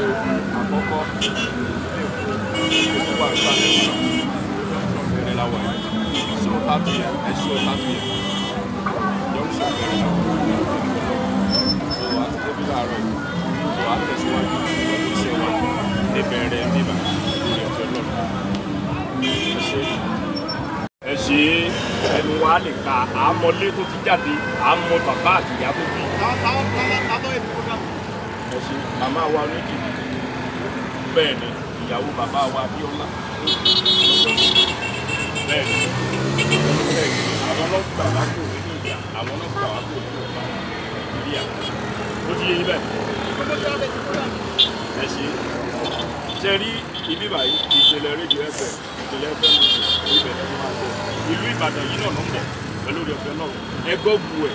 àkọ́kọ́ èkó wà nípa lẹ́kọ̀ọ́ bẹ̀rẹ̀ la wà yìí ṣó tàbí ẹ̀ṣọ́ tàbí yọ̀ǹṣọ̀ bẹ̀rẹ̀ la wà yìí tó wà débi láàárọ̀ tó wà tẹ̀síwájú pẹ̀lú iṣẹ́ wa níbẹ̀rẹ̀ bíbà lórí ọ̀tọ̀ lọ́nà ẹ ṣe ẹ ṣe ẹnu tó ti jáde àmọ́ bàbá àtìyá tó sọ̀rọ̀ sí màmá wa oníjìbìtì bẹ́ẹ̀ ni ìyàwó bàbá wa Abíọ́lá bẹ́ẹ̀ ni àwọn ọlọ́pàá wa kò ní ìyá àwọn ọlọ́pàá wa kò ní ọ̀pá Nàìjíríà ó ti yé yín bẹ́ẹ̀ ẹ ṣe ṣe rí ibi báyìí ìṣẹ̀lẹ̀ rédíò ẹ̀fẹ̀ ìṣẹ̀lẹ̀ ẹ̀fẹ̀ lóṣù ìbẹ̀rẹ̀ ìlú Ìbàdàn yìí náà ló ń bọ̀ pẹ̀lú ìrẹ̀fẹ̀ náà ẹgbọ́gbù ẹ̀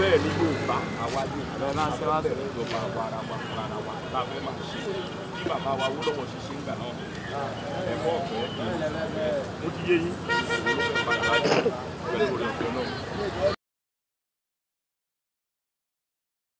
bẹ́ẹ̀ ni yóò bá àwa yóò bá ránṣẹ́ wá bẹ̀rẹ̀ ìjọba àwa ara wa fúnra ara wa tá a fẹ́ máa ṣe bí bàbá wa Awólọ́wọ̀ ṣe ṣe ń gbà náà ẹ̀kọ́ ọ̀fẹ́ mo ti yé yín pẹ̀lú orí ọ̀fẹ́ náà.